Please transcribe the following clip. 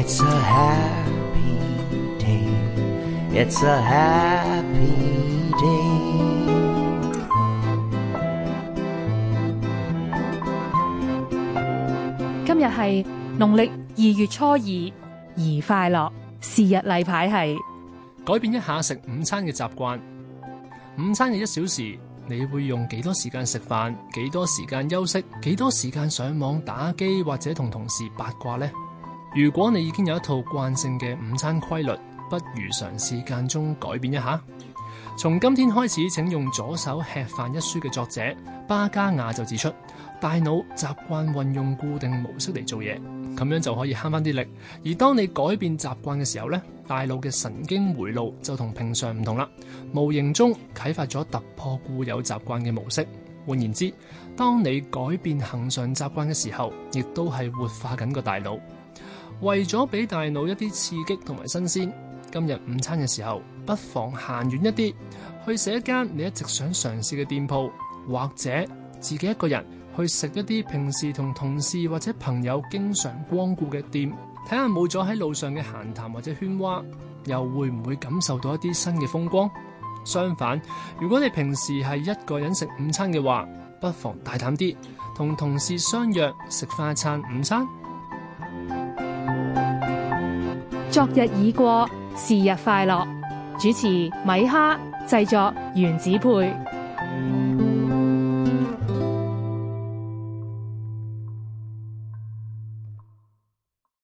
It's a happy day. It's a happy day. 今日係農曆二月初二，宜快樂。是日例牌係改變一下食午餐嘅習慣，午餐嘅一小時。你會用幾多時間食飯？幾多時間休息？幾多時間上網打機，或者同同事八卦呢？如果你已經有一套慣性嘅午餐規律，不如嘗試間中改變一下。從今天開始，請用左手吃飯一書嘅作者巴加亞就指出，大腦習慣運用固定模式嚟做嘢，咁樣就可以慳翻啲力。而當你改變習慣嘅時候咧，大腦嘅神經回路就同平常唔同啦，無形中啟發咗突破固有習慣嘅模式。換言之，當你改變恆常習慣嘅時候，亦都係活化緊個大腦，為咗俾大腦一啲刺激同埋新鮮。今日午餐嘅時候，不妨行遠一啲，去食一間你一直想嘗試嘅店鋪，或者自己一個人去食一啲平時同同事或者朋友經常光顧嘅店，睇下冇咗喺路上嘅閒談或者喧嘩，又會唔會感受到一啲新嘅風光？相反，如果你平時係一個人食午餐嘅話，不妨大膽啲，同同事相約食快餐午餐。昨日已過。是日快樂，主持米哈，製作原子配。